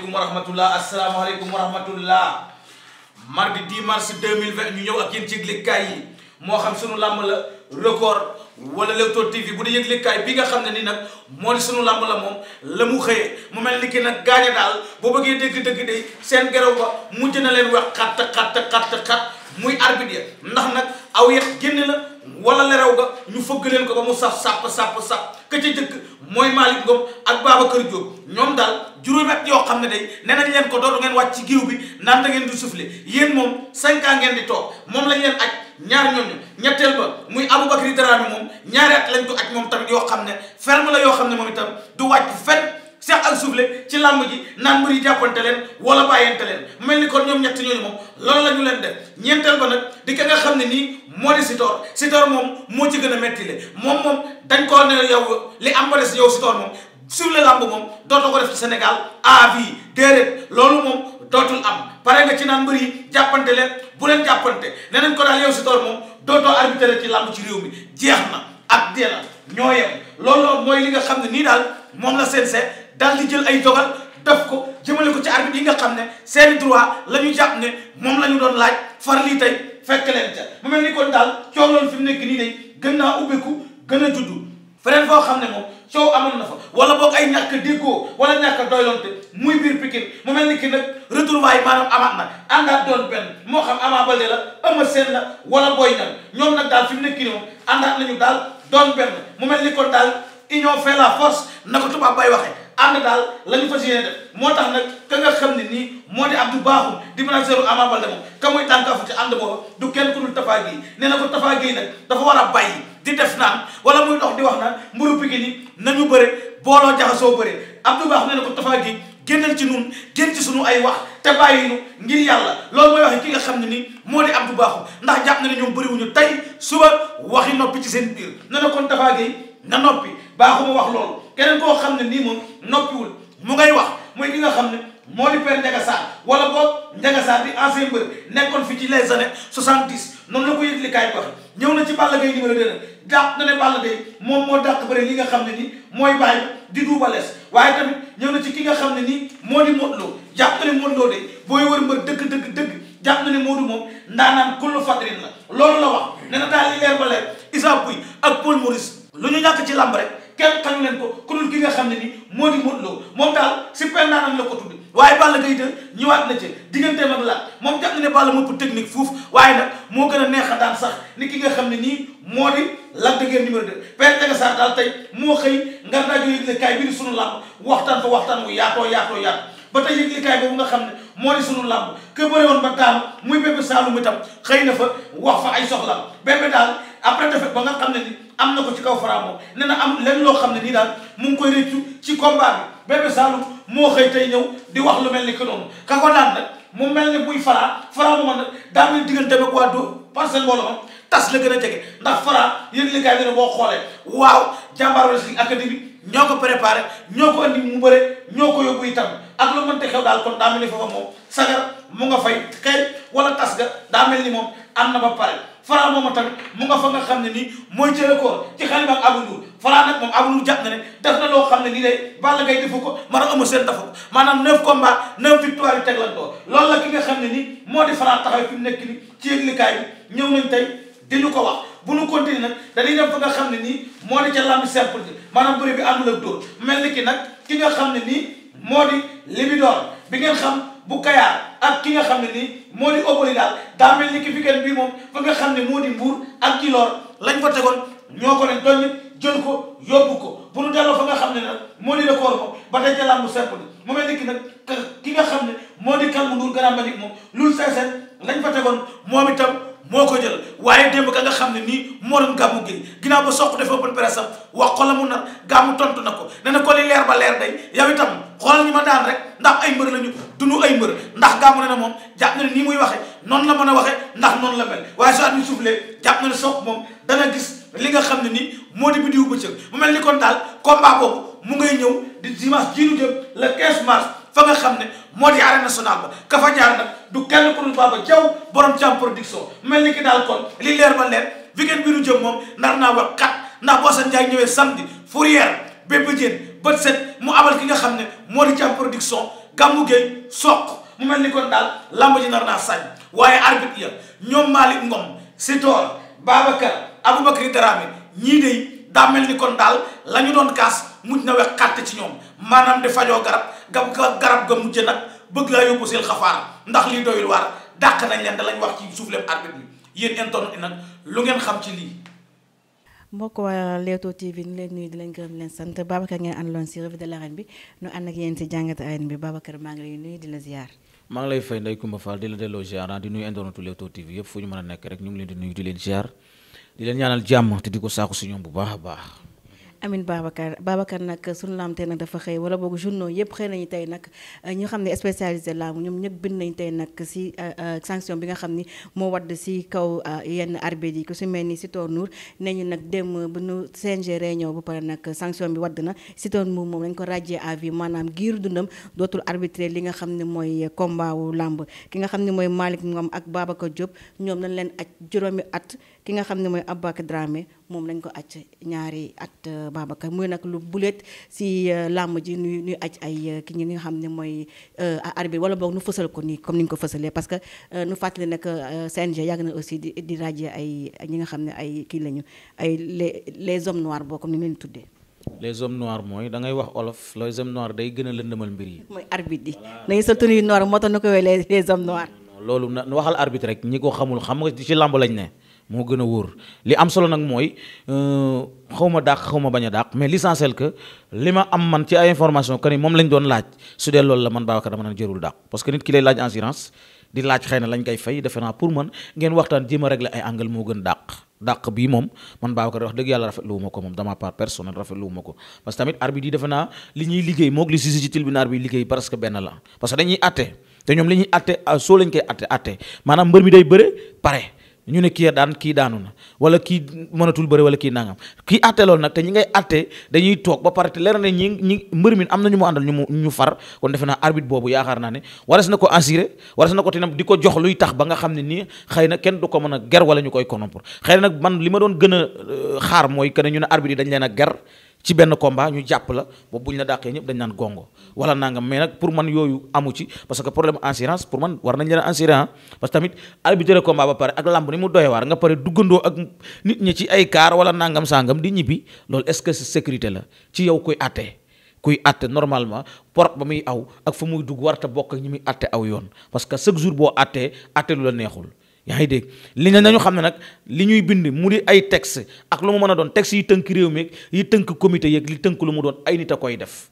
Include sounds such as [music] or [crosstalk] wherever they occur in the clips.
asalaamaaleykum wa rahmatullah asalaamaaleykum wa rahmatullah mardi 10 mars 2020 ñu ñëw ak yéen ci yëglekaay yi moo xam sunu làmb la record wala Leewtoo TV bu dee yëglekaay bi nga xam ne nii nag moo di sunu làmb la moom la mu xëyee mu mel ni ki nag gaaña daal boo bëggee dëgg-dëgg de seen geraw ba mujj na leen wax xat xat xat xat muy arbitre ndax nag aw yet génn la. wala la raw ga ñu fëgg leen ko ba mu saf sàpp sàpp sàpp ka jëkk mooy Malick Ngom ak Babacar Diop ñoom daal juróomi yoo xam ne day nee nañ leen ko dootu ngeen wàcc ci géew bi naan da ngeen du soufflé yéen moom cinq ans ngeen di toog moom lañ leen aj ñaar ñooñu ñetteel ba muy Aboubacry Darame moom ñaari at lañ ko aj moom tamit yoo xam ne ferme la yoo xam ne moom itam du wàcc fenn làmb ji naan mbir yi jàppante leen wala bàyyante leen mel ni kon ñoom ñett ñooñu moom loolu la ñu leen def ñeenteel ba nag di ka nga xam ne nii moo di Sitor Sitor moom moo ci a metti le moom moom dañ koo ne yow li am ba des yow Sitor moom suuf la làmb moom dootoo ko def ci Sénégal à vie déedéet loolu moom dootul am pare nga ci naan mbir yi jàppante leen bu leen jàppante nee ko daal yow Sitor moom dootoo arbitré ci làmb ci réew mi jeex na ak dee ñoo yem loolu mooy li nga xam ne nii daal moom la seen daal di jël ay dogal def ko jëmale ko ci arbitre yi nga xam ne seen droit la ñu jàpp ne moom la ñu doon laaj far lii tey fekk leen ca mu mel ni kon daal coow loolu fi mu nekk nii day gën naa ubbeeku gën a juddu feneen foo xam ne moom coow amoon na wala boog ay ñàkk déggoo wala ñàkk doylonte muy biir Pikine mu mel ni ki nag retrouvailles maanaam amaat na àndaat doon benn moo xam Ama Baldé la Eumeu Sène la wala Boy Niang ñoom daal fi mu nekk nii moom àndaat nañu daal doon benn mu mel ni kon daal union fait la force na ko tubaab bay waxee ànd daal la ñu fas yéene def moo tax nag ka nga xam ne nii moo am di Abdou Bakhoum di manageru Ama Baldé moom ka muy tànkaafu ci ànd booba du kenn ku dul Tapha Guèye nee na ko Tapha Guèye nag dafa war a bàyyi di def naan wala muy dox di wax naan mburu Pikine nañu bëre booloo jaxasoo bëre Abdou Bakhoum nee na ko Tapha Guèye génnal ci nun génn ci sunu ay wax te bàyyi nu ngir yàlla loolu mooy wax ki nga xam ne nii moo di Abdou Bakhoum ndax jàpp na ne ñoom bëriwuñu tey suba waxi noppi ci seen biir nee na kon Tapha na noppi Bakhoum wax loolu keneen koo xam ne nii moom noppiwul mu ngay wax mooy ki nga xam ne moo di père Ndiaga Sarr wala boog Ndiaga Sarr di ancien mbër nekkoon fi ci les années 70 noonu la ko yëg li kaay wax ñëw na ci Balla Gaye numéro 2 dàq na ne Balla Gaye moom moo dàq bëre li nga xam ne nii mooy bàyyi di duubalees waaye tamit ñëw na ci ki nga xam ne nii moo di Modou Lo jàpp na ne Modou Lo de booy wër mbër dëgg dëgg dëgg jàpp na ne Modou moom ndaanaan kullu fadrin la loolu la wax ne na daal li leer ba leer Issa Pouye ak Paul Maurice lu ñu ñàkk ci lamb kenn xam leen ko ku dul ki nga xam ne ni moo di Modou moom daal si pendaanam la ko tudde waaye Balla Gaye de ñëwaat na ci digganteem ak laaj moom jàpp ne Balla moo ëpp technique foofu waaye nag moo gën a neex a daan sax ni ki nga xam ne nii moo di Lac de Guiers de 2. Père Ndiakhate daal tey moo xëy ngar naa yëgle kaay bi di sunu waxtaan fa waxtaan wu yaatoo yaatoo yaatoo ba tey yëgle kaay boobu nga xam ne. moo di sunu làmb ke bëri woon ba daanu muy bébé Saloum itam xëy na fa wax fa ay soxla soxlam bébé daal après defet ba nga xam ne ni am na ko ci kaw Franc moom nee na am lenn loo xam ne nii daal mu ngi koy réccu ci combat bi bébé Saloum moo xëy tey ñëw di wax lu mel ni que noonu ka ko daan nag mu mel ni buy Franc Franc ma nag daan nañ diggante ba waa doo parcelle mbooloo am tas la gën a jege ndax Franc yéen li boo xoolee waaw jàmbaar wrestling académie ñoo ko préparé ñoo ko andi mu bëre ñoo ko yóbbu itam ak lu mënte xew daal kon daa mel ni foofa moom sagar mu nga fay xëy wala tas ga daa mel ni moom am na ba pare Fara moom a tamit mu nga fa nga xam ne nii mooy cële koor ci xarit ba ak Abou Ndour moom Abou Ndour jàpp na na loo xam ne nii day Balla Gaye defu ko a ëmb seen dafa ko maanaam neuf combats neuf victoire yu teg loolu la ki ne nii moo di Fara taxaw fi mu nekk nii ci yëglikaay bi ñëw nañ tey di ñu ko wax. bu nu continuer nag dañuy dem fa nga xam ne nii moo di ca làmb simple bi a bëri bi àndul ak dóor mel ni ki nag ki nga xam ne nii moo di libidoor bi ngeen xam bu kayaar ak ki nga xam ne nii moo di obali daal daa mel ni ki fi kenn bii moom fa nga xam ne moo di mbuur ak ci loor lañ fa tegoon ñoo ko ne doññ jël ko yóbbu ko bu nu delloo fa nga xam ne nag moo di record moom ba tey ca làmb simple bi mu mel ni ki nag ki nga xam ne moo di kalmu nduur grand malik moom lul seeseen lañ fa tegoon moom itam moo ko jël waaye démb ka nga xam ne nii moo doon gàmmu gi ginnaaw ba soq dafa bon presse am wax ko a mu nar gàmmu tontu na ko ne na ko li leer ba leer day yow itam a ñi ma daan rek ndax ay mbër lañu duñu ay mbër ndax gàmmu ne na moom jàpp na ne nii muy waxe noonu la mën a waxe ndax noonu la mel waaye su at mi suuflee jàpp na ne soq moom dana gis li nga xam ne nii moo di bidiw bëccëg mu mel ni kon daal combat boobu mu ngay ñëw di dimanche jiinu le 15 mars fa nga xam ne moo di arène nationale ba ka fa jaar nag du kenn ku dul Baba Diaw borom jàmm mel ni ki daal kon li leer ba leer bi bi nu jëm moom nar naa wax kat ndax boo sa njaay ñëwee samedi fourrière bépp jéen bët set mu abal ki nga xam ne moo di jàmm production gàmmu géey soq mu mel ni kon daal làmb ji nar naa sañ waaye arbitre ya ñoom Malick Ngom Sitor Babacar Aboubacry Dramé ñii de daa mel ni kon daal la ñu doon kaas mujj na wex xatt ci ñoom maanaam di fajoo garab gam ka garab ga mujj nag bëgg laa yóbbu seen xafaar ndax lii doyul waar dàq nañ leen da lañ wax ci suuf leen arbitre bi yéen internet di leen gërëm leen sant Babacar ngeen àndaloon si revue de l'arène bi ñu ànd ak yéen si jàngat arène bi Babacar maa ngi lay nuyu di la ziar. maa ngi lay fay Ndeye Coumba di la delloo ziar di nuyu internetu Leewtoo TV yëpp fu ñu mën a nekk rek ñu ngi leen di nuyu di leen ziar di leen ñaanal jàmm te di ko saako si ñoom bu baax baax. Amin Babacar Babacar nag sunu laam tey nag dafa xëy wala boog journaux yëpp xëy nañu tey nag euh, ñi xam ne spécialisé laam ñoom ñëpp bind nañu tey nag si euh, euh, sanction bi nga xam ni moo wadd si kaw yenn arbitre yi ku si mel ni Sitor Ndour nee ñu nag dem bu nu CNG réunion ba pare nag sanction bi wadd na Sitor Ndour moom lañ ko ràjjee à vie maanaam giiru dundam dootul arbitrer li nga xam ne mooy combat làmb ki nga xam ne mooy Malick moom ak Babacar Diop ñoom lañ leen aj juróomi at ki nga xam ne mooy Aboubacar Dramé moom lañ ko acc ñaari at euh, Babacar muy nag lu bulet si euh, làmb ji nuy nuy acc ay euh, ki ñi nga xam ne mooy arbitre wala boo nu fësal ko nii comme ni ñu ko fësalee parce que nu fàttali nag CNG yàgg na aussi di di ràjjee ay ñi nga xam ne ay kii lañu ay les les hommes noirs boo comme ni leen tuddee. les hommes noirs mooy da ngay wax olof les hommes noirs day gën a lëndëmal mbir yi. mooy arbitre yi nañu sa tenue noire moo tax nu ko wéy les les hommes loolu na waxal rek ñi xamul xam nga ci làmb lañ ne. moo gën a wóor li am solo nag mooy euh, xaw dàq xaw bañ a dàq mais l'essentiel que li ma am man ci ay information que ni moom lañ doon laaj su dee loolu la man Babacar dama naan jërul parce que nit ki lay laaj assurance di laaj xëy na lañ koy waxtaan jéem a régler ay angle moom man Babacar wax dëgg wu ma ko moom dama part personnel rafetlu wu ma ko parce que tamit arbitre yi defe naa li que benn la parce que dañuy te ñoom li ñuy atte soo lañ koy atte atte maanaam mbër mi day bëre pare ñu ne kii daan kii daanu na wala kii mënatul bëre wala kii nangam kii àtte loolu nag te ñi ngay àtte dañuy toog ba pare te leer na ñi ñi mbër mi am na ñu mu àndal ñu mu ñu far kon defe naa arbitre boobu yaakaar naa ne waras na ko assuré waras na ko tinam di ko jox luy tax ba nga xam ne nii xëy na kenn du ko mën a ger wala ñu koy konompor xëy na nag man li ma doon gën a euh, xaar mooy que ñu ne arbitre yi dañ leen a ger ci benn combat ñu jàpp la boobu bu ñu la dàqee ñëpp dañ naan gongo wala nangam mais nag pour man yooyu amu ci parce que problème assurance pour man war nañ leen assurer ah. parce que tamit arbitre combat ba pare ak lamb ni mu doy war nga pare duggandoo ak nit ñi ci ay kaar wala nangam sangam di ñibbi loolu est-ce que sécurité la ci yow koy àttee kuy àtte normalement porte ba muy aw ak fa muy dugg warta bokk ak ñi muy àtte aw yoon parce que chaque jour boo àttee àtte lu la yaa ngi dégg li na nañu xam ne nag li ñuy bind mu di ay text ak lu mu mën a doon texte yi tënk réew mi yi tënk comité yeeg li tënk lu mu doon ay nit a koy def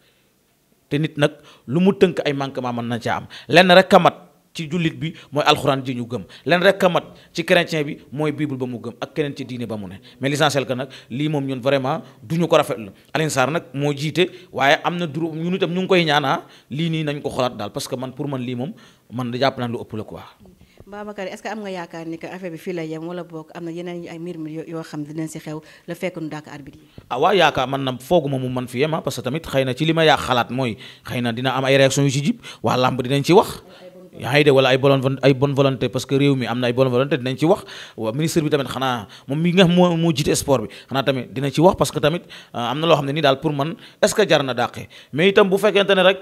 te nit nag lu mu tënk ay manquement mën na ca am lenn rek kamat ci jullit bi mooy alxuraan ji ñu gëm lenn rek kamat ci chrétien bi mooy bible ba mu gëm ak keneen ci diine ba mu ne mais l'essentiel que nag lii moom ñun vraiment du ñu ko rafetlu Alioune Sarr nag moo jiite waaye am na duru ñun itam ñu ngi koy ñaanaa lii nii nañ ko xoolaat daal parce que man pour man lii moom man jàpp naa ëpp la quoi. Babacar est-ce que am nga yaakaar ni que affaire bi fii lay yem wala boog am na yeneen ay mbir mi yoo xam dinañ si xew la fekk nu dàkk arbitre yi ah waaw yaakaar man na fooguma mu man fi yem ah, parce tamit xëy ci li ma yaa xalaat mooy xëy na dina am ay réaction yu ci jib waa làmb dinañ ci wax Haïdé wala ay bonne ay bonne volonté parce que réew mi am na ay bonne volonté dinañ ci wax waa ministre bi tamit xanaa moom mi nga xam moo moo jiite sport bi xanaa tamit dina ci wax parce que tamit euh, am na loo xam ne nii daal pour man est ce que jar na dàqe mais itam bu fekkente ne rek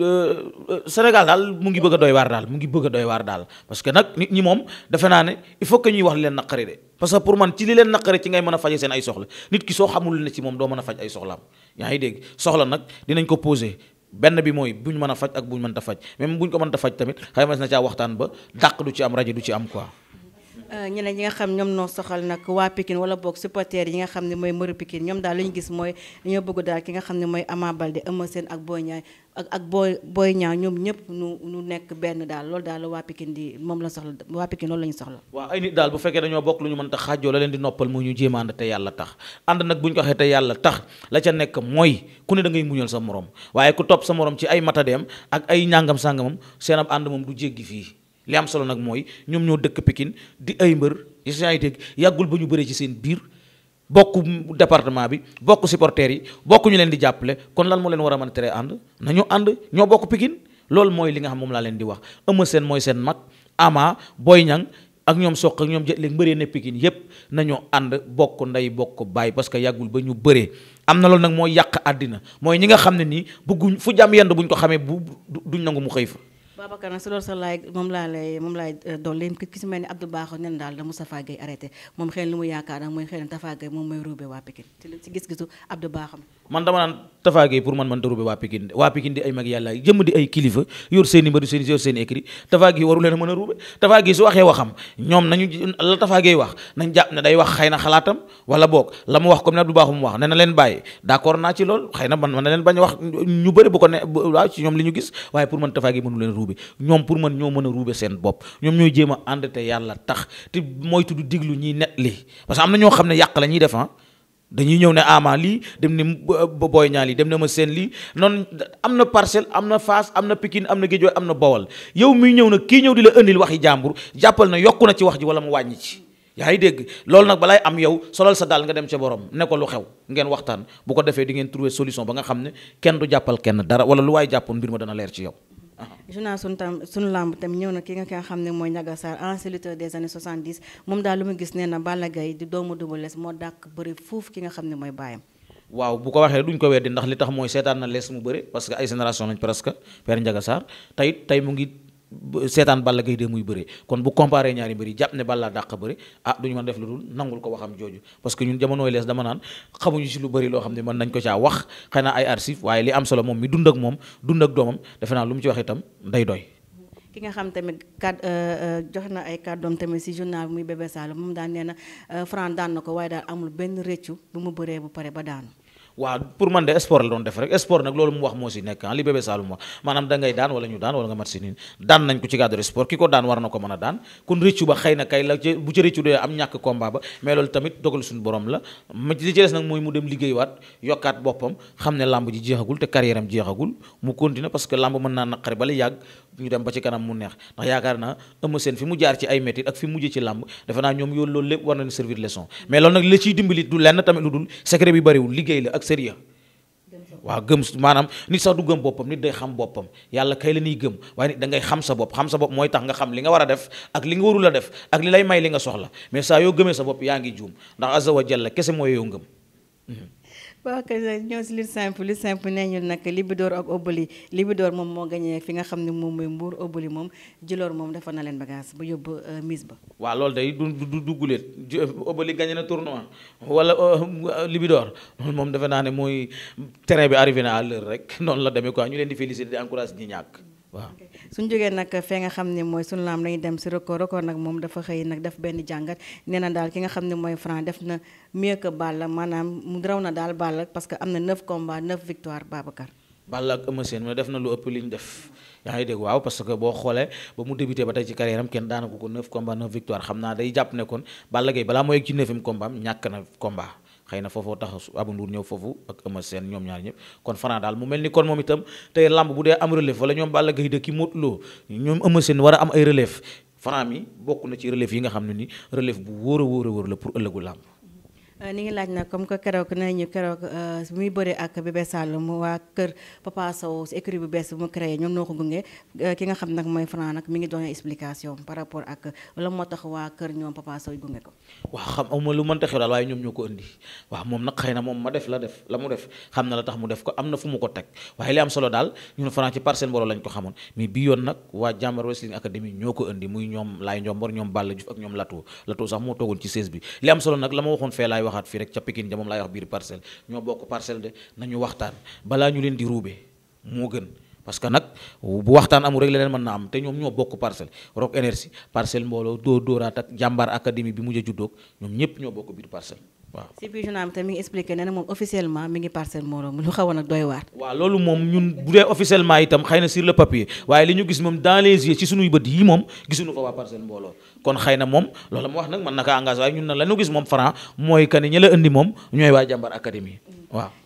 euh, euh, Sénégal daal mu ngi bëgg a doy waar daal mu ngi bëgg a doy daal parce que nag nit ñi moom defe naa ne il faut que ñuy wax li leen naqari de parce que pour man ci li leen naqari ci ngay mën a faje seen ay soxla nit ki soo xamul a ay soxlaam yaa ngi dégg soxla nag dinañ ko poser benn bi mooy buñ mën a faj ak buñ mënta faj même buñ ko mënta faj tamit xëy mas na caa waxtaan ba dàq du ci am rajo du ci am quoi Euh, ñeneen ñi nga xam ñoom noo soxal nag waa Pikine wala boog supporters yi nga xam ne mooy mbëru Pikine ñoom daal li ñu gis mooy dañoo bëgg daal ki xam ne mooy Ama Baldé Eumeu Sène ak ak ak Boy Boy Niang ñoom ñëpp nu nu nekk benn daal loolu daal la waa Pikine di moom la soxla waa Pikine loolu la soxla waaw ay nit daal bu fekkee dañoo bokk lu ñu mën ta xaajoo la leen di noppal mu ñu jéem te yàlla tax ànd nag bu ñu ko waxee te yàlla tax la ca nekk mooy ku ne da ngay muñal sa moroom waaye ku topp sa moroom ci ay matadeem ak ay ñàngam sàngamam seen moom du jéggi fii li am solo nag mooy ñoom ñoo dëkk pikin di ay mbër yaa ngi dégg yàggul ba ñu bëree ci seen biir bokk département bi bokk supporters yi bokk ñu leen di jàppale kon lan moo leen war a mën a tere ànd nañu ànd ñoo bokk pikin loolu mooy li nga xam moom laa leen di wax Eumeu Sène mooy seen mag Ama Boy Niang ak ñoom soq ak ñoom jëtleeg mbëree ne Pikine yépp nañoo ànd bokk ndey bokk baay parce que yàggul ba ñu bëree am na lool nag mooy yàq àddina mooy ñi nga xam ne nii bëgguñ fu jàmm yend buñ ko xamee bu duñ nangu mu xëy fa Babacar nag si loolu sax laay moom laa lay moom laay eh, dolli ki si mel ni Abdou Bakhoum nen daal la Moustapha Gueye moom xëy na mu yaakaar nag mooy xëy pour man man a a su waxee waxam ñoom nañu la Tafa wax nañ jàpp ne day wax xëy xalaatam wala boog la wax comme ne Abdou Bakhoum wax ne leen bàyyi d'accord naa ci lool xëy na man na leen bañ wax ñu bëri bu ko ne waaw ci ñoom li ñu gis waaye pour man Tafa Gueye ruube ruube ñoom pour man ñoo mën a ruube seen bopp ñoom ñooy jéema a ànd te yàlla tax te mooy tudd diglu ñii net li parce que am na ñoo xam ne yàq la ñuy def ah dañuy ñëw ne ama ah lii dem ne booy ñaa lii dem ne ma seen lii noonu am na parcelle am na Fass am na Pikine am na Guédiawaye am na Bawol yow miy ñëw nag kii ñëw di la indil waxi jàmbur jàppal na yokk na ci wax ji wala mu wàññi ci yaa ngi dégg loolu nag balay am yow solal sa daal nga dem ca borom ne ko xew ngeen waxtaan bu ko defee di ngeen trouver ba nga xam ne kenn du kenn dara wala lu waay jàppoon mbir ma dana leer ci yow journal [laughs] sunu tam sunu lamb tamit ñëw na ki nga xam ne mooy Ndiaga Sarr ancien lutteur des années 70 moom daal lu mu gis nee na Balla di doomu Double Less moo dàq bëri fuuf ki nga xam ne mooy baayam waaw bu ko waxee duñ ko weddi ndax li tax mooy seetaan na lees mu bëri parce que ay génération lañ presque Père Ndiaga Sarr tey mu ngi seetaan Balla gay de muy bëree kon bu comparé ñaari mbër yi jàpp ne Balla dàq bëri ah ñu mën def lu dul nangul ko waxam jooju parce que ñun jamonooy lees dama naan xamuñu si lu bari loo xam ne mën nañ ko caa wax xëy na ay arsif waaye li am solo moom mi dund ak moom dund ak doomam defe naa lu mu ci wax itam day doy ki nga xam tamit kad euh, euh, joxe na ay kàddoom tamit si journal muy bébé Saloum moom daan nee na euh, Franc daan na ko waaye daal amul benn rëccu bu mu bëree bu pare ba daanu waaw pour man de sport la doon def rek sport nag loolu mu wax moo si nekk ah li bébé Saloum wax maanaam da ngay daan wala ñu daan wala nga mat si nii daan nañ ko ci cadre sport ki ko daan war na ko mën a daan kon rëccu ba xëy na kay bu ci rëccu dee am ñàkk combat ba mais loolu tamit dogal suñu borom la ma li ci des nag mooy mu dem liggéey liggéeywaat yokkaat boppam xam ne làmb ji jeexagul te carrière am jeexagul mu continuer parce que làmb mën naa naqari bala yàgg ñu dem ba ci kanam mu neex ndax yaakaar naa Eumeu Sène fi mu jaar ci ay métit ak fi mujj ci làmb defe naa ñoom yoolu loolu lépp war nañu servir leçon mais loolu nag la ciy dimbali du lenn tamit lu dul secret bi bariwul liggéey la ak sérieux waaw gëm maanaam nit sax du gëm boppam nit day xam boppam yàlla kay la ñuy gëm waaye nit da ngay xam sa bopp xam sa bopp mooy tax nga xam li nga war a def ak li nga warul a def ak li lay may li nga soxla mais saa yoo gëmee sa bopp yaa ngi juum ndax azza wa jalla kese mooy yow ngëm waaw kay ñëw si lutte simple lutte simple nee ñu nag Libidor ak Obali Libidor moom moo gagné fi nga xam ne moom mooy Mbour Obali moom Djilor moom dafa na leen bagage ba yóbbu euh, mise ba. waaw loolu day du du dugguleet Obali gagné na tournoi wala euh, Libidor loolu moom defe naa ne mooy terrain bi arrivé na à l'heure rek [laughs] noonu la demee quoi ñu leen di féliciter di encourager ñi ñàkk. waaw suñ jógee nag fee nga xam ne mooy suñu laam lañu dem si record record nag moom dafa xëy nag def benn jàngat nee na daal ki nga xam ne mooy Franc def na mieux que Balla maanaam mu na daal Balla parce que am na 9 combats 9 def na lu ëpp li ñu def. yaa ngi dégg waaw parce boo xoolee ba mu débuté ba tey ci carrière am kenn daanaka ko 9 combats 9 victoire xam naa day jàpp ne kon Balla Gaye balaa mooy yegg ci 9e ñàkk na combat. xëy na foofoo tax Abou Ndour ñëw foofu ak Eumeu Sène ñoom ñaar ñëpp kon Franc daal mu mel ni kon moom itam tey lamb bu dee am relève wala ñoom Balla Gaye de ki Modou Lo ñoom Eumeu Sène war a am ay relève Franc mi bokk na ci relève yi nga xam ne ni relève bu wóor a wóor la pour ëllëgu làmb Euh, ni ngi laaj nag comme que keroog nee ñu keroog euh, muy bëri ak Bébé Saloum waa kër Papa Sow si bu bees bu mu créé ñoom noo ko gunge euh, ki nga xam nag mooy Franc nag mi ngi doon explication par rapport ak la moo tax waa kër ñoom Papa Sow gunge ko. waaw xam ñoom ñoo indi waaw moom nag xëy moom ma def la def la mu def xam na la tax mu def ko am na fu mu ko teg waaye li am daal ñun Franc ci par seen mbooloo lañ ko xamoon mais muy ñoom Laay Njomboor ñoom Balla Diouf ak ñoom Lato Lato sax moo toogoon ci 16 bi li am solo nag la ma waxoon fee laay wax waxaat fii rek ca Pikine ja moom laay wax biir parcelle ñoo bokk parcelle de nañu waxtaan balaa ñu leen di ruube moo gën parce que nag bu waxtaan amul rek leneen mën na am te ñoo bokk parcelle Rock Énergie parcelle mbooloo dóor dóoraat ak jàmbaar académie ñoom ñëpp ñoo bokk biir parcelle waaw si biir journal bi tamit mi ngi expliqué ne na sur le papier li gis moom dans les yeux yi moom gisuñu fa waa parcelle kon xëy na moom loolu mu wax nag mën na ko engagé waaye ñun na la ñu gis moom franc mooy que ni ñi la indi moom ñooy waa jàmbaar académie waaw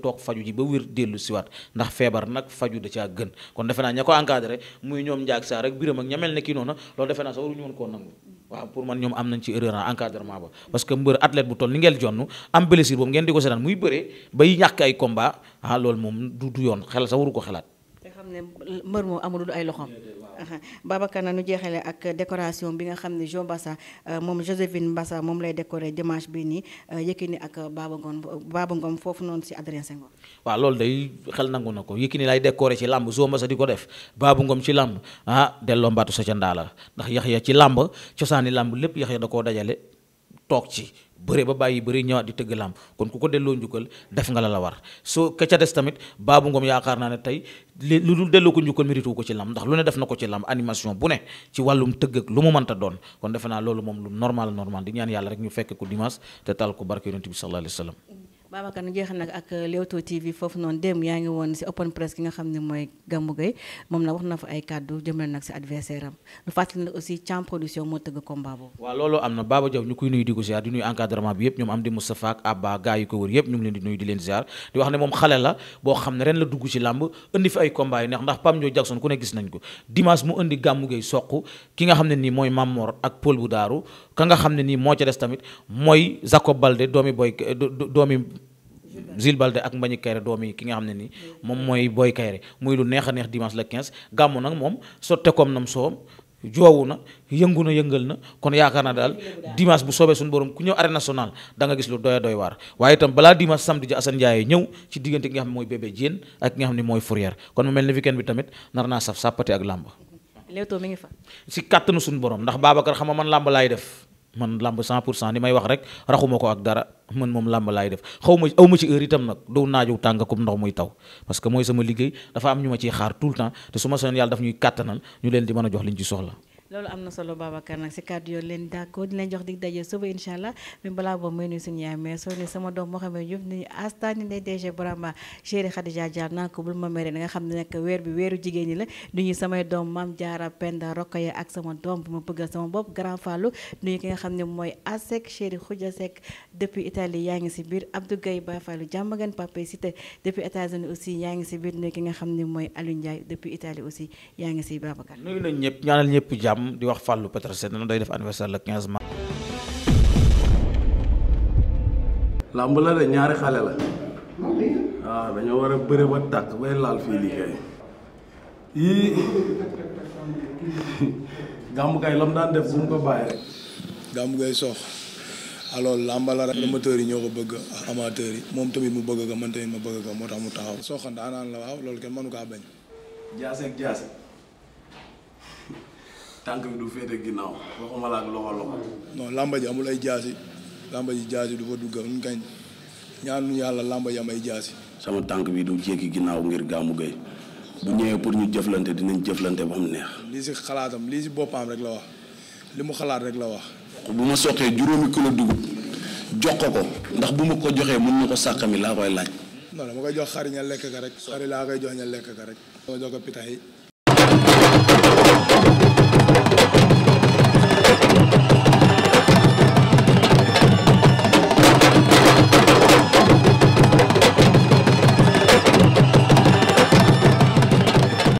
toog faju ji ba wér dellu siwaat ndax feebar nag faju da caa gën kon defe naa ña ko encadré muy ñoom njaag saa rek biram ak ñamel ne kii noonu loolu defe naa sax waruñu woon koo nangu waaw pour man ñoom am nañ ci erreur encadrement ba parce mbër athlète bu toll ni ngeen jonn am blessure boobu ngeen di ko seetaan muy bëree bay ñàkk ay combat ah loolu moom du du yoon xel sax waru ko xelaat [laughs] Babacar na nu jeexale ak décoration bi nga xam ne Jean Bassa euh, moom Joséphine Bassa moom lay décoré dimanche bi nii euh, Yékini ak Baba Ngom Baba Ngom foofu noonu si Adrien Senghor. waa loolu day xel nangu na ko Yékini lay décoré ci làmb soo Bassa di ko def Baba Ngom ci làmb ah delloo mbaatu sa ca ndaa la ndax yax ya ci làmb cosaani làmb lépp yax ya da koo dajale toog ci. bëre ba bàyyi bëre ñëwaat di tëgg làmb kon ku ko delloo njukkal def nga la la war soo ka ca des tamit baabu ngoom yaakaar naa ne tey lu dul delloo ko njukkal mérite ko ci làmb ndax lu ne def na ko ci làmb animation bu ne ci wàllum tëgg lu mu mënta doon kon defe naa loolu moom lu normal normal di ñaan yàlla rek ñu fekk ko dimanche te taal ko barke yonent bi sallallahu alayhi wa sallam Babacar ñu jeexal nag ak Leewtoo TV foofu noonu dem yaa ngi woon si open press ki nga xam ne mooy Gamou Gueye na fa ay kàddu jëmale nag si adversaire am lu fàttali nag aussi Thiam production moo tëgg na Baba Diaw ko ziar di nuyu yëpp ñoom am di Moustapha ak Abba gars yu ko wër yëpp la boo xam ne ren la dugg ci làmb indi fi ay combat yi neex ndax Pam Ndiou Jackson ku ne gis nañ ko dimanche ne nii mooy Mamor ak Paul bu daaru ka nga xam ne nii moo ca des tamit mooy Jacob Balde doomi boy doomi Jules Balde ak Mbagnick Kairé doom ki nga xam ne nii moom mooy Boy Kairé muy lu neex a neex dimanche le 15 gàmmu nag moom sotte koom nam soom joowu na yëngu na yëngal na kon yaakaar naa daal dimanche bu soobee suñu borom ku ñëw arène nationale da nga gis lu doy doy waar waaye itam balaa dimanche samedi ji Assane ñëw ci diggante ki nga xam ne mooy bébé Diène ak ki nga xam ne mooy Fourière kon mu mel ni weekend bi tamit nar naa saf sàppate ak làmb si kàttanu man làmb 100 pour cent li may wax rek raxuma ko ak dara man moom làmb laay def xaw ma aw ma ci heure itam nag doo naaju tàng comme ndox muy taw parce que mooy sama liggéey dafa am ñu ma ciy xaar tout le temps te su ma seen yàlla daf ñuy kàttanal ñu leen di mën a jox liñ ci soxla loolu am na solo Babacar nag si kàddu leen d'accord di leen jox dig daje suba incha allah mais balaa boobu may nuyu suñu yaay mais soo ne sama doom moo xam ne yëpp nañu astaani ko ma mere nga xam ne weer bi weeru jigéen ñi la nuyu samay doom maam Diarra Penda Rokhaya ak sama doom bu ma bëggal sama bopp Grand Fallou nuyu ki nga xam ne mooy Asek chéri Khoudia Seck depuis Italie yaa ngi si biir Abdou Gaye Baye Fallou jàmmagan Pape Cité depuis aussi yaa ngi si biir nuyu ki nga xam ne mooy Aliou Ndiaye depuis Italie aussi yaa ngi si Babacar nuyu nañ ñëpp ñaanal ñëpp itam di wax Fallou Petersen na day def anniversaire le 15 mars. làmb la de ñaari xale la. waaw ah, dañoo war a bëre ba tàkk bay laal fii liggéey. yii gàmmu kay la mu daan def bu mu ko bàyyi rek. gàmmu kay sox alors làmba la rek amateurs yi ñoo ko bëgg amateurs yi moom tamit mu bëgg ko man tamit bëgg ko moo tax mu taxaw. soxna daanaan la waaw loolu kenn mënu kaa bañ. jaase ak jaase. tànk bi du féete ginnaaw waxuma la ak loxo loxo. non lamba ji amul ay jaasi lamba jaasi du fa dugga ñu kañ ñaanu yàlla lamba ji am ay jaasi. sama tànk bi du jéggi ginnaaw ngir gàmmu gay bu ñëwee pour ñu jëflante dinañ jëflante ba mu neex. lii si xalaatam lii si boppam rek la wax li mu xalaat rek la wax. bu ma soqee juróomi kilo dugub jox ko ndax bu ma ko joxee mën na ko sàq laa koy laaj. non dama koy jox xari lekk ka rek. xari laa koy jox ña lekk ka rek. dama jox ko